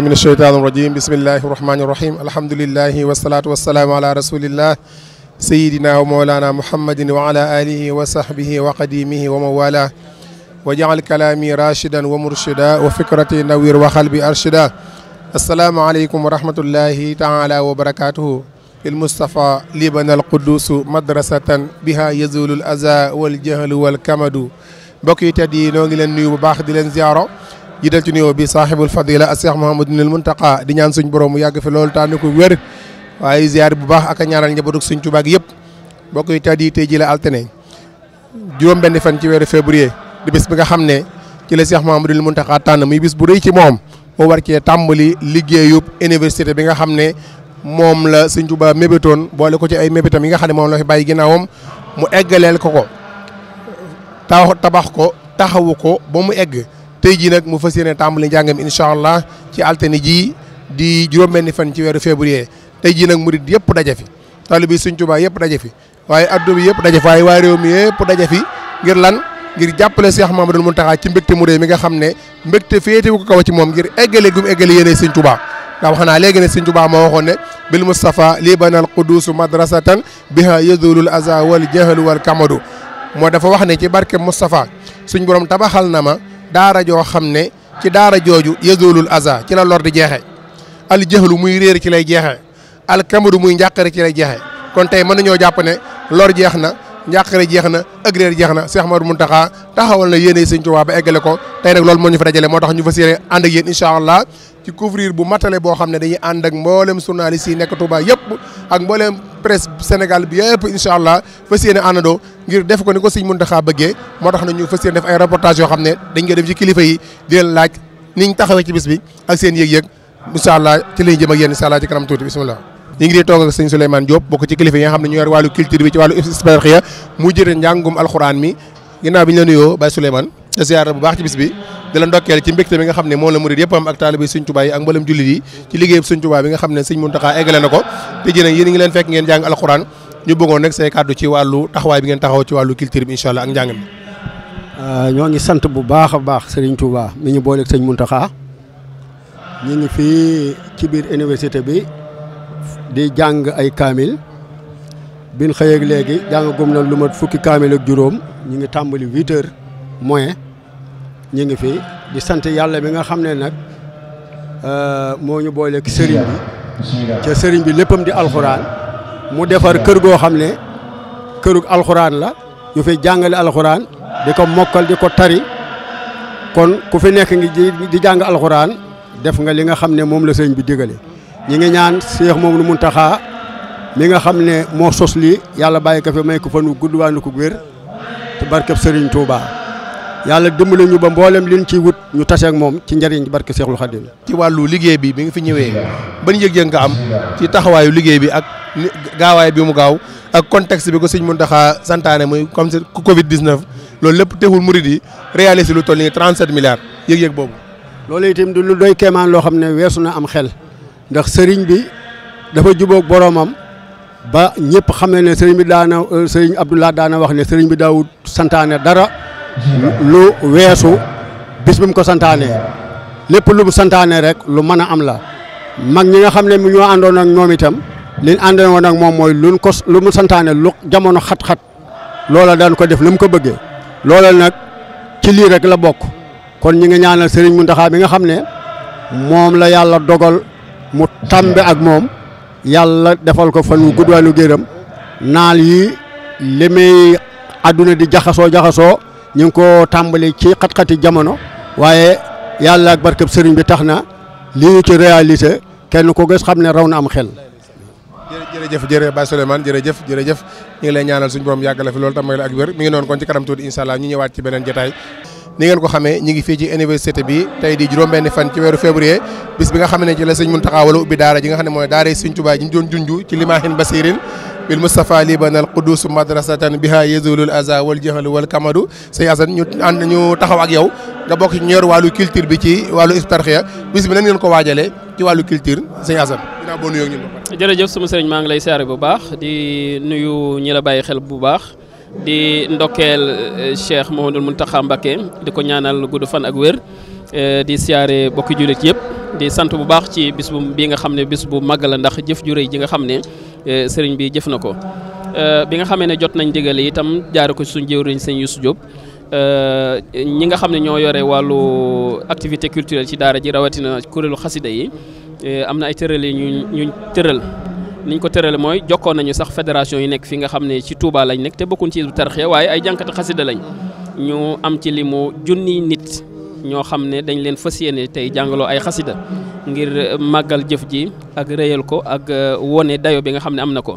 من الشيطان الرجيم بسم الله الرحمن الرحيم الحمد لله والصلاة والسلام على رسول الله سيدنا ومولانا محمد وعلى آله وصحبه وقديمه وموالاه وجعل كلامي راشدا ومرشدا وفكرتي نوير وخلبي أرشدا السلام عليكم ورحمة الله تعالى وبركاته المصطفى لبن القدوس مدرسة بها يزول الأذى والجهل والكمد بقيت دينو لن يبخد لن زياره jiital ci nuyo bi sahibul fadila ak Cheikh Mouhamadoul Mountakha di ñaan suñu borom mu yag fi loolu tànn ko wër waye ziar bu baax ak a ñaanal njabootug suñ Tuubaa gi yëpp bokk yi ji la altine juroom benn fan ci weeru février di bis bi nga xamné ci la Cheikh Mouhamadoul Mountakha tan muy bis bu reuy ci mom mo war ci tambali liggéeyup université bi nga xamné mom la suñ Tuubaa mébétoon boole ko ci ay mebetam yi nga xamné mom la fi bayyi ginaawum mu eggaleel ko ko tabax ko taxawu ko ba egg tey jii nag mu fas yéene tàmbali njàngam incha allah ci altine ji di juróom-benni fan ci weeru février tey jii nag murid yëpp daje fi taalibe bi Sëriñ Tuubaa yëpp daje fi waaye adduna bi yëpp daje fi waaye waa réew mi yëpp daje fi ngir lan ngir jàppale Cheikh Mamadou Mountakha ci mbégte mu réy mi nga xam ne mbégte féete ko kaw ci moom ngir eggale gu mu eggale yéene Sëriñ Tuubaa ndax wax naa léegi ne Sëriñ Tuubaa moo waxoon ne bil Mustafa libanal qudusu madrasatan biha yadulul aza wal jahlu wal kamadu moo dafa wax ne ci barke Mustafa suñ borom tabaxal na ma daara joo xam ne ci daara jooju yëgawlul aza ci la lor di jeexe al jëxlu muy réer ci lay jeexe al kamadu muy njàqare ci lay jeexe kon tey mën nañoo jàpp ne lor jeex na njàqare jeex na ak réer jeex na Cheikh Ahmadou Mountakha taxawal na yenee Sëñ Tuubaa ba eggale ko tey nag loolu moo ñu fa dajale moo tax ñu fas yéene ànd ak yéen incha allah ci couvrir bu matale boo xam ne dañuy ànd ak mboolem journaliste yi nekk Tuubaa yëpp ak mboolem presse Sénégal bi yëpp incha allah fas àndandoo ngir def ko ni ko sëñ Muntaxa bëggee moo tax na ñu fas yéene def ay reportage yoo xam ne dañ koy dem ci kilifa yi di leen laaj niñ taxawee ci bis bi ak seen yëg-yëg incha allah ci lañ jëm ak yéen incha allah ci kanam tuuti bisimilah. ñu ngi dee toog ak sëñ Souleymane Diop bokk ci kilifa yi nga xam ne ñu yor wàllu culture bi ci wàllu isperxia mu jëre njàngum alxuraan mi ginnaaw bi ñu la nuyoo Baye Souleymane ziyaara bu baax ci bis bi di la ndokkeel ci mbégte bi nga xam ne moom la murid yëpp am ak taalibe Sëriñ Tuubaa yi ak mbalam jullit yi ci liggéey Sëriñ Tuubaa bi nga xam ne Sëriñ Muntaxaa eggale na ko te ji nag yéen leen fekk ngeen jàng alxuraan ñu bëggoon nag say kàddu ci wàllu taxawaay bi ngeen taxaw ci wàllu culture bi incha allah ak njàng mi ah, ñoo ngi sant bu baax a baax Sëriñ Tuubaa mi ñu booleeg Sëriñ xaa ñu ngi fii ci biir université bi di jàng ay kaamil bin xëyeeg léegi jàng gum na lu mat fukki kaamil ak juróom ñu ngi tàmbali 8 heures ñu ngi fi di sant yàlla mi nga xam ne nag euh, moo ñu booleeg sëriñ bi ca sëriñ bi léppam di alxuraan mu defar kër goo xam ne kërug alxuraan la ñu fi jàngale alxuraan di ko mokkal di ko tari kon ku fi nekk ngi di jàng alxuraan def nga li nga xam ne moom la sëriñ bi digale ñi ngi ñaan Cheikh moom nu taxaa mi nga xam ne moo sos lii yàlla bàyyi ko fi may ko fan wu gudd waanu ko wér te barkeb sëriñ tuubaa yàlla dimbali ñu ba mboolem liñ ciy wut ñu taseeg moom ci njariñ njëriñ barke Seexul Xadim ci wàllu liggéey bi bi nga fi ñëwee ban yëg-yëg nga am ci taxawaayu liggéey bi ak gaawaay bi mu gaaw ak contexte bi ko sëñ Mountakha santaane muy comme Covid 19 loolu lépp teewul murid yi réalisé lu toll nii 37 milliards yëg-yëg boobu. loolu itam du lu doy keemaan loo xam ne weesu na am xel ndax sëriñ bi dafa jubóog boroomam ba ñëpp xam ne ne sëriñ bi daana sëriñ Abdoulaye daana wax ne sëriñ bi daawut santaane dara. lu weesu bis bi mu ko santaanee lépp lu mu santaane rek lu mën a am la mag ñi nga xam ne ñoo àndoon ak ñoom itam li ñu àndoon woon ak moom mooy luñ ko lu mu santaane lu jamono xat-xat loola daan ko def lu mu ko bëggee loola nag ci lii rek la bokk kon ñi nga ñaanal mu Mountakha bi nga xam ne moom la yàlla dogal mu tàmbe ak moom yàlla defal ko fan wu gudd wàllu naal yi li muy di jaxasoo jaxasoo. ñu ngi ko tàmbali ci xat jamono waaye yàlla ak barkab sëriñ tax na li ñu ci réalisé kenn ko gës xam na am xel. jërëjëf jërëjëf Baye Souleymane jërëjëf jërëjëf ñu ngi lay ñaanal suñu borom yàgg la fi loolu tam may ngeen ko xamee ñu ngi fii ci université bi tey di juróom-benni fan ci weeru février bis bi nga xam ne ci la sëñ Muntaxa wala ubbi daara ji nga xam ne mooy daara sëñ Tuubaa ji ci limaahin basirin bil Moustapha Liban al Qudus madrasatan biha yazulul aza wal jahlu wal kamadu sëñ Assane ñu ànd ñu taxaw ak yow nga bokk ci ñor wàllu culture bi ci wàllu Hizbut-Tarqiyyah bis bi nan ngeen ko waajalee ci wàllu culture sëñ Assane. dinaa boo suma ak maa ngi lay siyaare bu baax di nuyu ñi bàyyi xel bu baax di ndokkeel eh, Cheikh mun Mountakha Mbacké di ko ñaanal gudd fan ak wér eh, di siyaare bokki jullit yëpp di sant bu baax ci bis bu bii nga xam ne bis bu màgg la ndax jëf ju ji nga xam ne Eh, sëriñ bi jëf na ko eh, bi nga xamee ne jot nañ digale itam jaare ko ci suñ jëwriñ sëñ Youssou Diop eh, ñi nga xam ne ñoo yore wàllu activité culturelle ci daara ji rawatina kuréelu xasida yi am na ay tëral yi ñu ñu tëral niñ ko tërale mooy jokkoon nañu sax fédération yi nekk fi nga xam ne ci Touba lañ nekk te bokkuñ ci tarxee waaye ay jànkati xasida lañ ñu am ci limu junni nit ñoo xam ne dañ leen fas yéene tey jàngaloo ay xasida ngir eh, màggal jëf ji ak réyal ko ak eh, wone dayo bi nga xam ne am na ko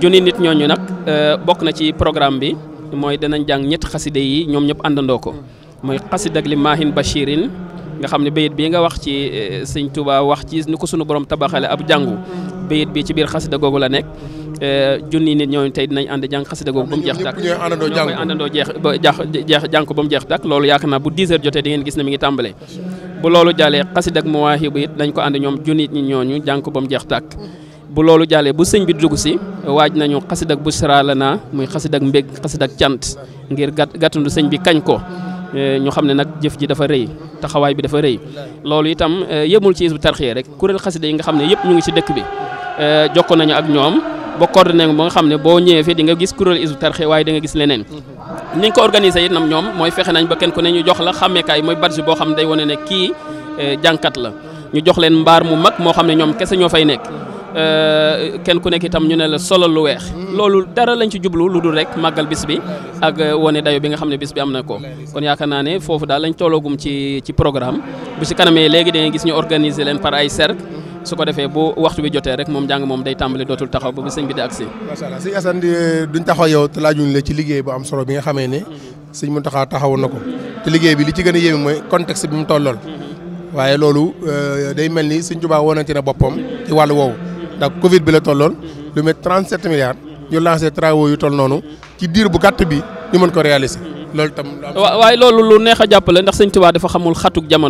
junni nit ñooñu nag eh, bokk na ci programme bi mooy danañ jàng ñett xaside yi ñoom ñëpp àndandoo ko mooy xasida ak li maahin bashirin nga xam ne bayit bii nga wax ci sëñ Touba wax ci ni ko sunu borom tabaxale ab jàngu bayit bi ci biir xasida googu la nekk Euh, junni nit ñooñu tey dinañ ànd jàng xasida googu ba mu jeex dàkk ñoo koy àndandoo jeex ba jeex jàng ko ba mu jeex dàkk loolu yaakaar naa bu 10 heures jotee di ngeen gis ne mi ngi tàmbalee bu loolu jàllee xasida ak mawaahibu it dañ ko ànd ñoom junni ñooñu jàng ko ba mu jeex dàkk bu loolu jàllee bu sëñ bi dugg si waaj nañu xasida ak busra la naa muy xasida ak mbég xasida ak cant ngir gàtt gàttandu sëñ bi kañ ko euh, ñu xam ne nag jëf ji dafa rëy taxawaay bi dafa rëy loolu itam euh, yëmul ci Hizbut Tarqiyyah rek kuréel xasida yi nga xam ne yëpp ñu ngi ci dëkk bi jokko nañu ak ñoom boo coordonné ba nga xam ne boo ñëwee fee di nga gis kuréel Hizbut Tarqiyyah waaye di nga gis leneen mhm. ni ko organisé it nam ñoom mooy fexe nañ ba kenn ku ne jox la xàmmeekaay mooy badge boo xam ne day wane ne kii eh, jànkat la ñu jox leen mbaar mu mag moo xam ne ñoom kese ñoo fay nekk eh, kenn ku nekk itam ñu ne la solo lu weex mhm. loolu dara lañ ci jublu lu dul rek màggal bis bi ak eh, wane dayo bi nga xam ne bis bi am na ko kon yaakaar naa ne foofu daal lañ tolloogum ci ci programme bu si kanamee léegi dangay gis ñu organiser leen par ay cercle su ko defee bu waxtu bi jotee rek moom njàng moom day tàmbali dootul taxaw ba ba sëñ bi di agsi. macha allah sëñ Assane duñ taxaw yow te laajuñ la ci liggéey bu am solo bi nga xamee ne. sëñ Mountakha taxawoon na ko. te liggéey bi li ci gën a yéeme mooy contexte bi mu tollool. waaye loolu euh, day mel ni sëñ Tuubaa woonante na boppam ci wàllu woowu. ndax Covid bi la tollool. lu met 37 milliards. ñu lancé travaux yu toll noonu. ci diir bu gàtt bi ñu mën ko réaliser. loolu tam. waaw waaye loolu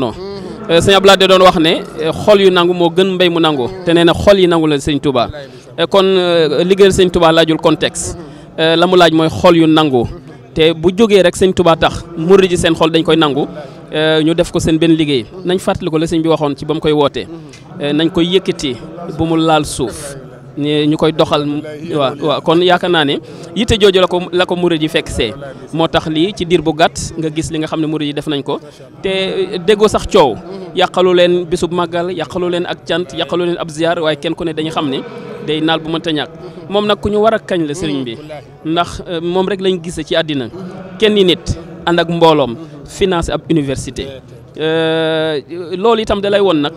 a Euh, sëñ Abdoulaye da doon wax ne euh, xol yu nangu moo gën mbéy mu nangu te nee na xol yi nangu la sëñ tubaa euh, kon liggéeyal sëñ tubaa laajul contexte la mu laaj mooy xol yu nangu te bu jógee rek sëñ tubaa tax murid ji seen xol dañ koy nangu ñu def ko seen benn liggéey nañ fàttali ko la sëñ bi waxoon ci ba mu koy woote nañ koy yëkkati bu mu laal suuf ñu koy doxal waaw waaw kon yaakaar naa ne yitte jooju la ko la ko murid yi fekk see moo tax lii ci diir bu gàtt nga gis li nga xam ne murid yi def nañ ko te déggoo sax coow. yàqalu leen bisub màggal yàqalu leen ak cant yàqalu leen ab ziar waaye kenn ku ne dañu xam ne day naal bu mënta ñàkk moom nag ku ñu war a kañ la sëriñ bi ndax euh, moom rek lañ gisee ci àddina kenn nit ànd ak mbooloom financé ab université euh, loolu itam da lay woon nag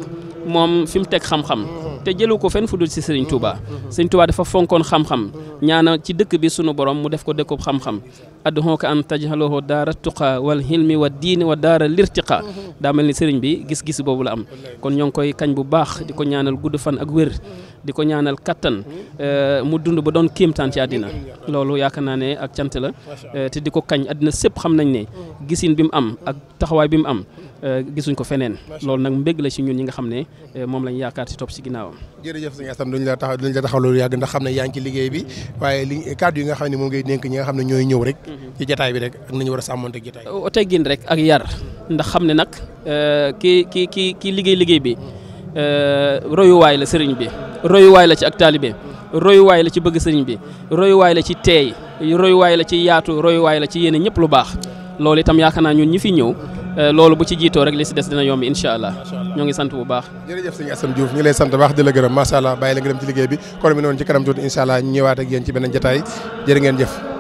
moom fi mu teg xam-xam te jëlu ko fenn fu dul ci sëriñ Touba sëriñ Touba dafa fonkoon xam-xam ñaana ci dëkk bi sunu borom mu def ko dëkkub xam-xam adduhonka an tajhaluhu daara tuqa wal hilmi wa din wa daara lirtiqa mhm. daa mel ni sëriñ bi gis-gis boobu la am kon ñong ngi koy kañ bu baax di ko ñaanal gudd fan ak wér mhm. di ko ñaanal kattan mhm. eh, mu dund ba doon tan ci àddina loolu yaakaar naa ne ak cant la eh, te di ko kañ adina sepp xam nañ ne gisin bi mu am ak taxawaay bi mu am eh, gisuñ ko feneen loolu nag mbegg la ci ñun ñi nga xam ne moom lañ yaakaar ci topp ci ginnaawam jërëjëf sëñ Assane duñ la taxaw duñ la taxaw loolu yàgg ndax xam ne yaa ci liggéey bi waaye li yi nga xam ne moom ngay denk ñi nga xam ne ñooy ñëw rek mm. ci jataay bi rek ak nañu war a sàmmonte ak jataay teggin rek ak yar ndax xam ne nag euh, ki ki ki ki liggéey liggéey bi euh, royuwaay la sëriñ bi royuwaay la ci ak taalibe royuwaay la ci bëgg bi royuwaay la teey royuwaay la ci yaatu royuwaay la ci yéene ñëpp lu baax loolu itam yaakaar naa ñun ñi fi ñëw euh, loolu bu ci jiitoo rek li si des dina yomb incha allah ñoo ngi sant bu baax jërëjëf sëñ Assane Diouf ñu ngi lay sant baax di la gërëm allah bàyyi la nga dem ci liggéey bi kon mi noonu ci kanam tuuti incha allah ñu ñëwaat ak